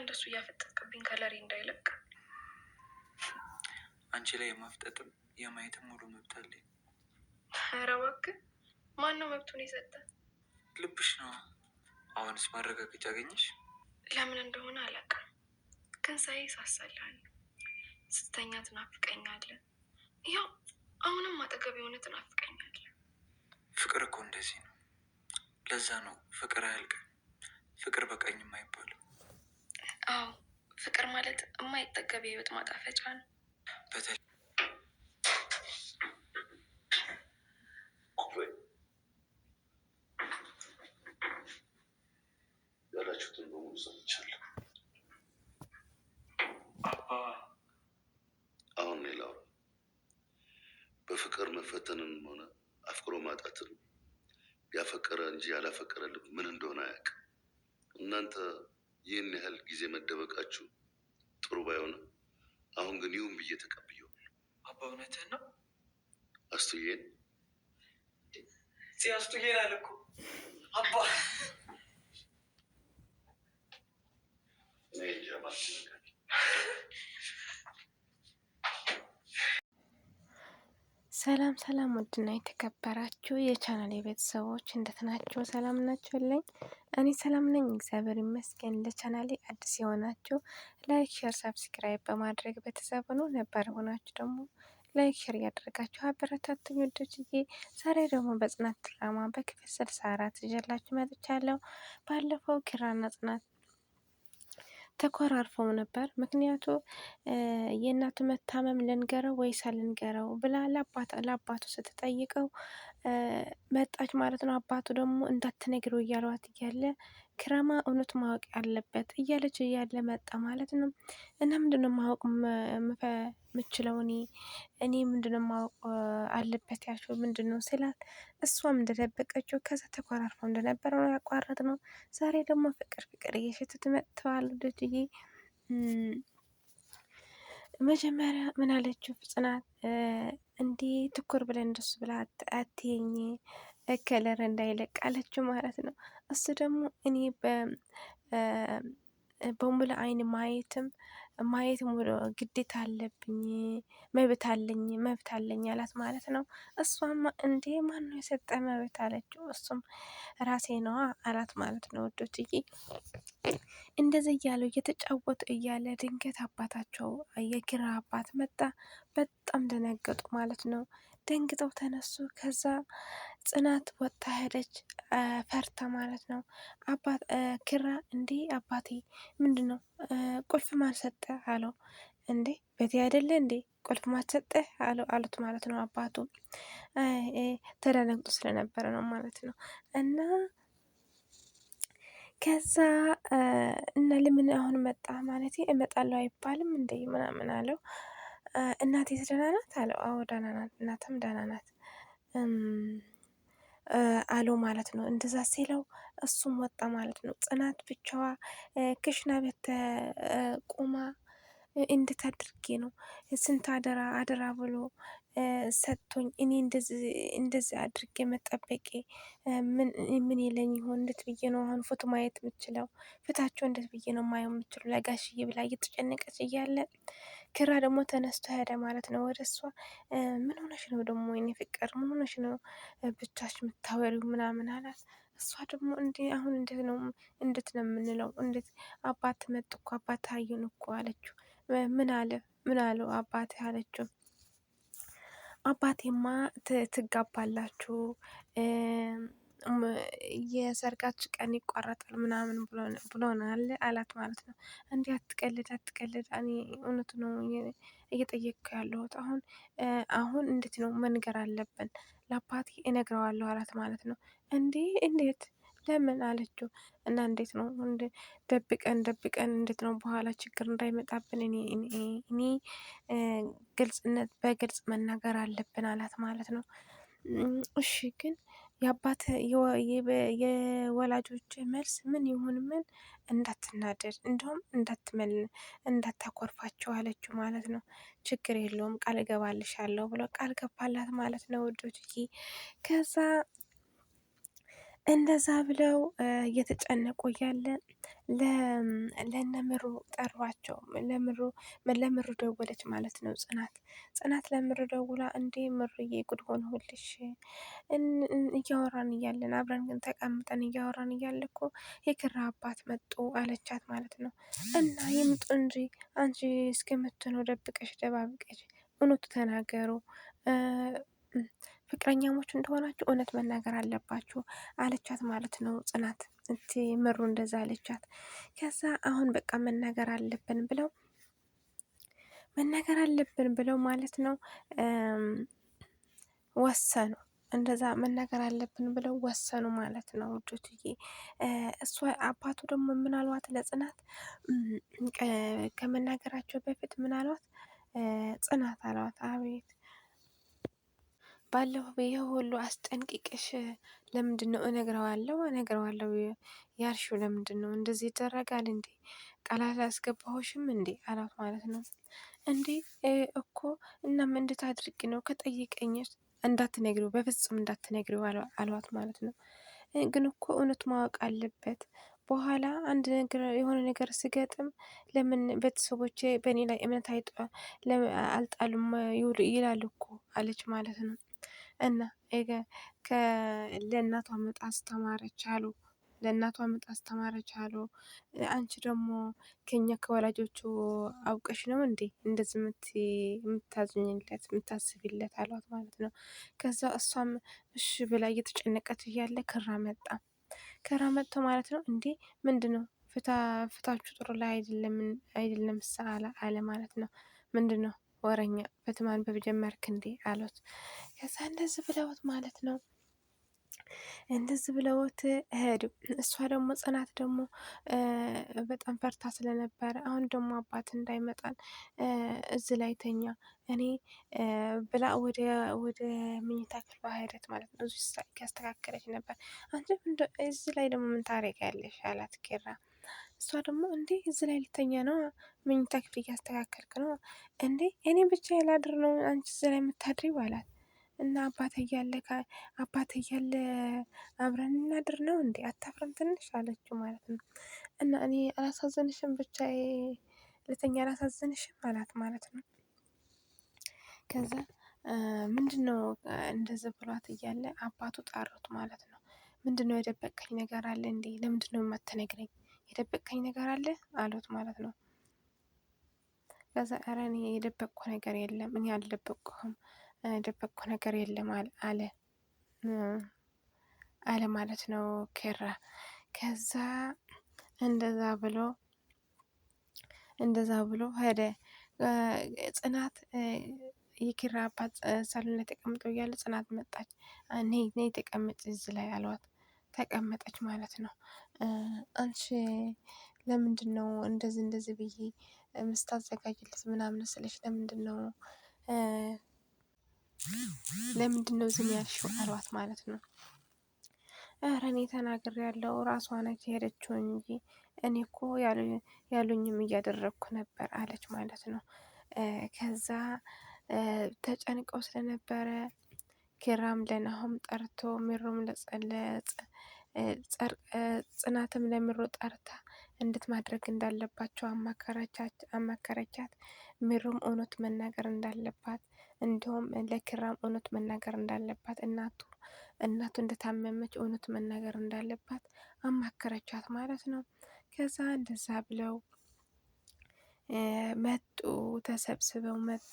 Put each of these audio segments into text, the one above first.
እንደሱ እያፈጠጥክብኝ ከለሪ እንዳይለቅ። አንቺ ላይ የማፍጠጥም የማየትም ሙሉ መብት አለኝ። ኧረ እባክህ ማን ነው መብቱን የሰጠ? ልብሽ ነው። አሁንስ ማረጋገጫ አገኘሽ? ለምን እንደሆነ አላውቅም፣ ግን ሳይ ሳሳልሃል ስተኛ ትናፍቀኛለህ። ያው አሁንም አጠገብ የሆነ ትናፍቀኛለህ። ፍቅር እኮ እንደዚህ ነው። ለዛ ነው ፍቅር አያልቅም። ፍቅር በቀኝ አይባልም። አዎ ፍቅር ማለት የማይጠገብ የህይወት ማጣፈጫ ነው። ያላችሁትን አሁን ሌላው በፍቅር መፈተንን ሆነ አፍቅሮ ማጣትን ያፈቀረ እንጂ ያላፈቀረ ልብ ምን እንደሆነ አያውቅም። እናንተ ይህን ያህል ጊዜ መደበቃችሁ ጥሩ ባይሆንም አሁን ግን ይሁን ብዬ ተቀብየዋል። አባ እውነትህን ነው። አስቱዬን ጽ አስቱዬን አለ እኮ አባ ሰላም ሰላም፣ ውድና የተከበራችሁ የቻናል የቤተሰቦች እንደት ናችሁ? ሰላም ናችሁልኝ? እኔ ሰላም ነኝ፣ እግዚአብሔር ይመስገን። ለቻናሌ አዲስ የሆናችሁ ላይክ፣ ሼር፣ ሰብስክራይብ በማድረግ ቤተሰብ ሆኖ ነባር የሆናችሁ ደግሞ ላይክ ሼር እያደረጋችሁ አበረታቱኝ ውዶችዬ። ዛሬ ደግሞ በጽናት ድራማ በክፍል ስልሳ አራት ይዤላችሁ መጥቻለሁ። ባለፈው ኪራና ጽናት ተኮራርፈው ነበር። ምክንያቱ የእናቱ መታመም ልንገረው ወይስ አልንገረው ብላ ለአባቱ ስትጠይቀው መጣች ማለት ነው። አባቱ ደግሞ እንዳትነግረው እያሏት እያለ ክራማ እውነት ማወቅ ያለበት እያለች እያለ መጣ ማለት ነው። እና ምንድነው ማወቅ ምችለው እኔ እኔ ምንድነው ማወቅ አለበት ያቸው ምንድነው ስላት እሷም እንደደበቀችው ከዛ ተኮራርፎ እንደነበረ ነው ያቋረጥ ነው። ዛሬ ደግሞ ፍቅር ፍቅር እየሸተት መጥተዋል ልጅዬ። መጀመሪያ ምን አለችው ጽናት እንዴ ትኩር ብለን እንደሱ ብላ አትየኝ ከለር እንዳይለቅ አለችው ማለት ነው። እሱ ደግሞ እኔ በሙሉ አይን ማየትም ማየት ሙሉ ግዴታ አለብኝ መብት አለኝ መብት አለኝ አላት ማለት ነው። እሷማ እንዴ ማን ነው የሰጠ መብት አለችው። እሱም ራሴ ነዋ አላት ማለት ነው። ወዶትዬ እንደዚህ እያሉ እየተጫወቱ እያለ ድንገት አባታቸው የኪራ አባት መጣ። በጣም ደነገጡ ማለት ነው። ደንግጠው ተነሱ። ከዛ ጽናት ወጥታ ሄደች፣ ፈርታ ማለት ነው። ኪራ እንዴ አባቴ ምንድን ነው ቁልፍ ማን ሰጠ አለው። እንዴ ቤቴ አይደለ እንዴ ቁልፍ ማን ሰጠ አሉት ማለት ነው። አባቱ ተደነግጦ ስለነበረ ነው ማለት ነው። እና ከዛ እና ለምን አሁን መጣ ማለት እመጣለሁ አይባልም እንዴ ምናምን አለው። እናቴ ደህና ናት አለው። አዎ ደህና ናት፣ እናትም ደህና ናት አለው ማለት ነው። እንደዛ ሲለው እሱም ወጣ ማለት ነው። ጽናት ብቻዋ ክሽና ቤት ቁማ እንዴት አድርጌ ነው ስንት አደራ አደራ ብሎ ሰጥቶኝ እኔ እንደዚህ አድርጌ መጠበቄ ምን የለኝ ይሆን? እንዴት ብዬ ነው አሁን ፎቶ ማየት የምችለው? ፊታቸው እንዴት ብዬ ነው ማየው የምችለው? ለጋሽዬ ብላ እየተጨነቀች እያለ ኪራ ደግሞ ተነስቶ ሄደ ማለት ነው ወደ እሷ። ምን ሆነሽ ነው ደግሞ ወይኔ ፍቅር፣ ምን ሆነሽ ነው ብቻሽ የምታወሪው ምናምን አላት። እሷ ደግሞ እንዲ አሁን እንዴት ነው እንዴት ነው የምንለው? እንዴት አባት መጥ እኮ አባት አየን እኮ አለችው። ምን አለ ምን አለው አባት አለችው። አባቴማ ትጋባላችሁ የሰርጋችሁ ቀን ይቋረጣል ምናምን ብሎናል አላት ማለት ነው። እንዲህ አትቀልድ አትቀልድ፣ እኔ እውነቱ ነው እየጠየቅኩ ያለሁት አሁን አሁን እንዴት ነው መንገር አለብን ለአባቴ እነግረዋለሁ አላት ማለት ነው። እንዴ እንዴት ለምን አለችው። እና እንዴት ነው ደብቀን ደብቀን እንዴት ነው በኋላ ችግር እንዳይመጣብን እኔ ግልጽነት በግልጽ መናገር አለብን አላት ማለት ነው። እሺ ግን የአባት የወላጆች መልስ ምን ይሁን ምን እንዳትናደድ እንዲሁም እንዳትመል እንዳታኮርፋቸው አለችው ማለት ነው። ችግር የለውም ቃል እገባልሻለሁ ብሎ ቃል ገባላት ማለት ነው ውዶችዬ። ከዛ እንደዛ ብለው እየተጨነቁ እያለ ለነምሩ ጠሯቸው። ለምሩ ለምሩ ደወለች ማለት ነው ጽናት። ጽናት ለምሩ ደውላ እንዴ ምሩዬ ጉድ ሆንሁልሽ፣ እያወራን እያለን አብረን ግን ተቀምጠን እያወራን እያለ እኮ የክራ አባት መጡ አለቻት ማለት ነው። እና ይምጡ እንጂ አንቺ እስከምትሆነው ደብቀሽ ደባብቀሽ እውነቱ ተናገሩ ፍቅረኛሞች እንደሆናችሁ እውነት መናገር አለባችሁ አለቻት ማለት ነው ጽናት እቲ ምሩ እንደዛ አለቻት። ከዛ አሁን በቃ መናገር አለብን ብለው መናገር አለብን ብለው ማለት ነው ወሰኑ። እንደዛ መናገር አለብን ብለው ወሰኑ ማለት ነው ውዶችዬ። እሷ አባቱ ደግሞ ምናልባት ለጽናት ከመናገራቸው በፊት ምናልባት ጽናት አለዋት አቤት ባለው ይሄ ሁሉ አስጠንቅቅሽ ለምንድን ነው እነግረዋለሁ እነግረዋለሁ ያልሺው ለምንድን ነው እንደዚህ ይደረጋል እንዴ ቃላት አያስገባሁሽም እንዴ አላት ማለት ነው እንዴ እኮ እናም እንዴት አድርጊ ነው ከጠየቀኝስ እንዳትነግሪው በፍጹም እንዳትነግሪው አልዋት ማለት ነው ግን እኮ እውነት ማወቅ አለበት በኋላ አንድ ነገር የሆነ ነገር ስገጥም ለምን ቤተሰቦቼ በእኔ ላይ እምነት አይጠ አልጣሉም ይላል እኮ አለች ማለት ነው እና ለእናቷ ምጥ አስተማረች አሉ። ለእናቷ ምጥ አስተማረች አሉ። አንቺ ደግሞ ከኛ ከወላጆቹ አውቀሽ ነው እንዴ እንደዚህ የምታዝኝለት የምታስብለት አሏት ማለት ነው። ከዛ እሷም እሺ ብላ እየተጨነቀች እያለ ክራ መጣ። ክራ መጥቶ ማለት ነው እንዴ ምንድን ነው ፍታችሁ ጥሩ ላይ አይደለም አይደለም አለ ማለት ነው። ምንድን ነው ወረኛ በትማን በጀመርክ እንዴ አሉት። ከዛ እንደዚህ ብለውት ማለት ነው እንደዚህ ብለውት እሄዱ። እሷ ደግሞ ጽናት ደግሞ በጣም ፈርታ ስለነበረ አሁን ደግሞ አባት እንዳይመጣን እዚህ ላይ ተኛ እኔ ብላ ወደ ወደ ምኝታ ክፍል ባህደት ማለት ነው እዚህ ያስተካከለች ነበር። አንቺ እዚህ ላይ ደግሞ ምን ታሪክ ያለሽ አላት ኪራ እሷ ደግሞ እንዴ እዚህ ላይ ልተኛ ነው፣ መኝታ ክፍል እያስተካከልክ ነው እንዴ እኔ ብቻ የላድር ነው አንቺ እዚህ ላይ የምታድሪ አላት። እና አባት እያለ አባት እያለ አብረን እናድር ነው እንዴ አታፍረም ትንሽ አለችው ማለት ነው። እና እኔ አላሳዘንሽም ብቻ ልተኛ አላሳዘንሽም አላት ማለት ነው። ከዛ ምንድን ነው እንደዚህ ብሏት እያለ አባቱ ጣሩት ማለት ነው። ምንድን ነው የደበቀኝ ነገር አለ እንዴ? ለምንድን ነው የማትነግረኝ? የደበቅከኝ ነገር አለ አሉት ማለት ነው። ከዛ ኧረ እኔ የደበቅኩ ነገር የለም እኔ አልደበቅኩም የደበቅኩ ነገር የለም አለ አለ ማለት ነው ኬራ። ከዛ እንደዛ ብሎ እንደዛ ብሎ ሄደ። ጽናት የኪራ አባት ሳሎን ላይ ተቀምጠው እያለ ጽናት መጣች። ነይ ነይ ተቀመጭ እዚህ ላይ አሏት። ተቀመጠች ማለት ነው። አንቺ ለምንድን ነው እንደዚህ እንደዚህ ብዬ ምስታዘጋጅለት ምናምን ስልሽ ለምንድን ነው ለምንድን ነው ዝም ያልሽው አሏት ማለት ነው። ኧረ እኔ ተናግሬ ያለው ራሷ ነች የሄደችው እንጂ እኔ እኮ ያሉኝም እያደረግኩ ነበር አለች ማለት ነው። ከዛ ተጨንቀው ስለነበረ ኪራም ለናሆም ጠርቶ ሚሩም ጽናትም ለምሮ ጠርታ እንድት ማድረግ እንዳለባቸው አማከረቻት። ምሩም እውነት መናገር እንዳለባት እንዲሁም ለኪራም እውነት መናገር እንዳለባት እናቱ እናቱ እንደታመመች እውነት መናገር እንዳለባት አማከረቻት ማለት ነው። ከዛ እንደዛ ብለው መጡ፣ ተሰብስበው መጡ።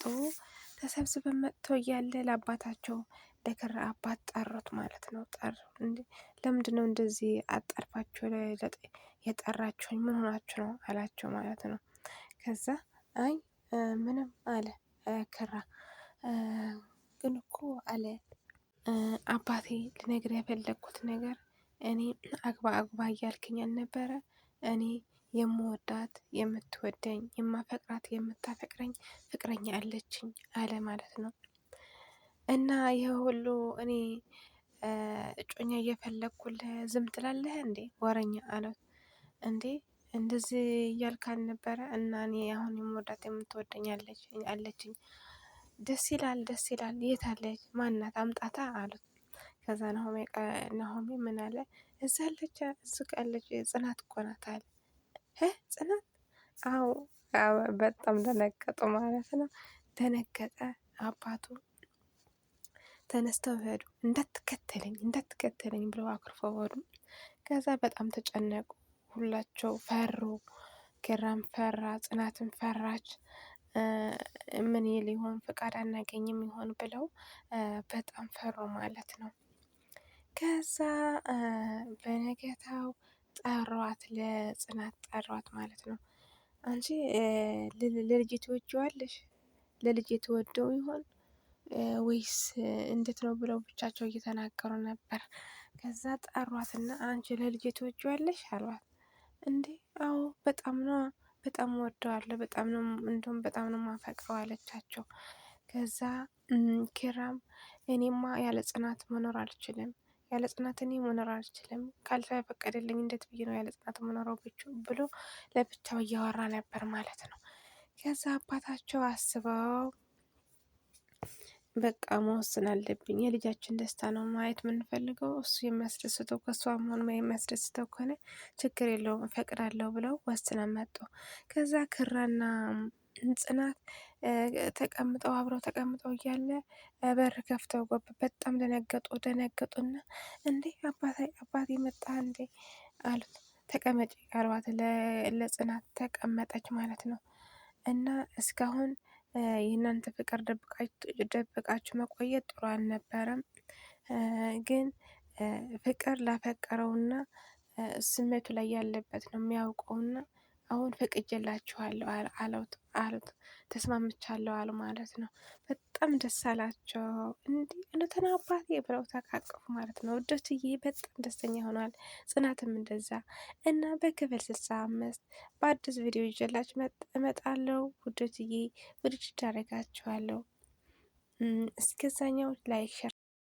ተሰብስበን መጥተው እያለ ለአባታቸው ለክር አባት ጠሩት ማለት ነው። ጠሩ ለምንድን ነው እንደዚህ አጠርፋችሁ የጠራችሁኝ? ምን ሆናችሁ ነው አላቸው ማለት ነው። ከዛ አይ ምንም አለ ክራ። ግን እኮ አለ አባቴ ልነግር የፈለግኩት ነገር እኔ አግባ አግባ እያልክኝ አልነበረ እኔ የምወዳት የምትወደኝ የማፈቅራት የምታፈቅረኝ ፍቅረኛ አለችኝ አለ ማለት ነው። እና ይህ ሁሉ እኔ እጮኛ እየፈለግኩልህ ዝም ትላለህ እንዴ ወረኛ አለው። እንዴ እንደዚህ እያልክ አልነበረ እና እኔ አሁን የምወዳት የምትወደኝ አለችኝ ደስ ይላል ደስ ይላል የት አለች ማናት አምጣታ አሉት። ከዛ ናሆሜ ምን አለ እዛ አለች እዚህ አለች ጽናት እኮ ናት አለ ጽናት አዎ በጣም ደነገጡ ማለት ነው። ደነገጠ አባቱ ተነስተው ሄዱ። እንዳትከተለኝ እንዳትከተለኝ ብለው አኩርፈው ወዱ ከዛ በጣም ተጨነቁ። ሁላቸው ፈሩ። ኪራም ፈራ፣ ጽናትን ፈራች። ምን ይል ይሆን ፈቃድ አናገኝም ይሆን ብለው በጣም ፈሩ ማለት ነው። ከዛ በነገታው ጠሯት፣ ለጽናት ጠሯት ማለት ነው። አንቺ ለልጄ ትወጂዋለሽ? ለልጄ ትወደው ይሆን ወይስ እንዴት ነው ብለው ብቻቸው እየተናገሩ ነበር። ከዛ ጠሯትና አንቺ ለልጄ ትወጂዋለሽ አሏት። እንዴ አዎ በጣም ነው በጣም ወደዋለሁ በጣም ነው እንደውም በጣም ነው ማፈቅረው አለቻቸው። ከዛ ኪራም እኔማ ያለ ጽናት መኖር አልችልም ያለ ጽናት እኔ መኖር አልችልም፣ የፈቀደልኝ እንዴት ብዬ ነው ያለ ጽናት መኖረው ብሎ ለብቻው እያወራ ነበር ማለት ነው። ከዛ አባታቸው አስበው በቃ መወስን አለብኝ፣ የልጃችን ደስታ ነው ማየት የምንፈልገው፣ እሱ የሚያስደስተው ከእሷ መሆን የሚያስደስተው ከሆነ ችግር የለውም እፈቅዳለሁ ብለው ወስነው መጡ። ከዛ ክራና ጽናት ተቀምጠው አብረው ተቀምጠው እያለ በር ከፍተው ገቡ። በጣም ደነገጡ። ደነገጡና እንዴ አባታይ አባቴ መጣ እንዴ አሉት። ተቀመጭ አሏት። ለጽናት ተቀመጠች ማለት ነው። እና እስካሁን የእናንተ ፍቅር ደብቃችሁ መቆየት ጥሩ አልነበረም። ግን ፍቅር ላፈቀረውና ስሜቱ ላይ ያለበት ነው የሚያውቀውና አሁን ፈቅጄላችኋለሁ አሉት አሉት ተስማምቻለሁ አሉ ማለት ነው። በጣም ደስ አላቸው። እንዲህ እውነትን አባቴ ብለው ተቃቀፉ ማለት ነው። ወዶችዬ በጣም ደስተኛ ሆኗል። ጽናትም እንደዛ እና በክፍል ስልሳ አምስት በአዲስ ቪዲዮ ይዤላችሁ እመጣለሁ። ወዶችዬ ውድድ አደርጋችኋለሁ። እስከዛኛው ላይክ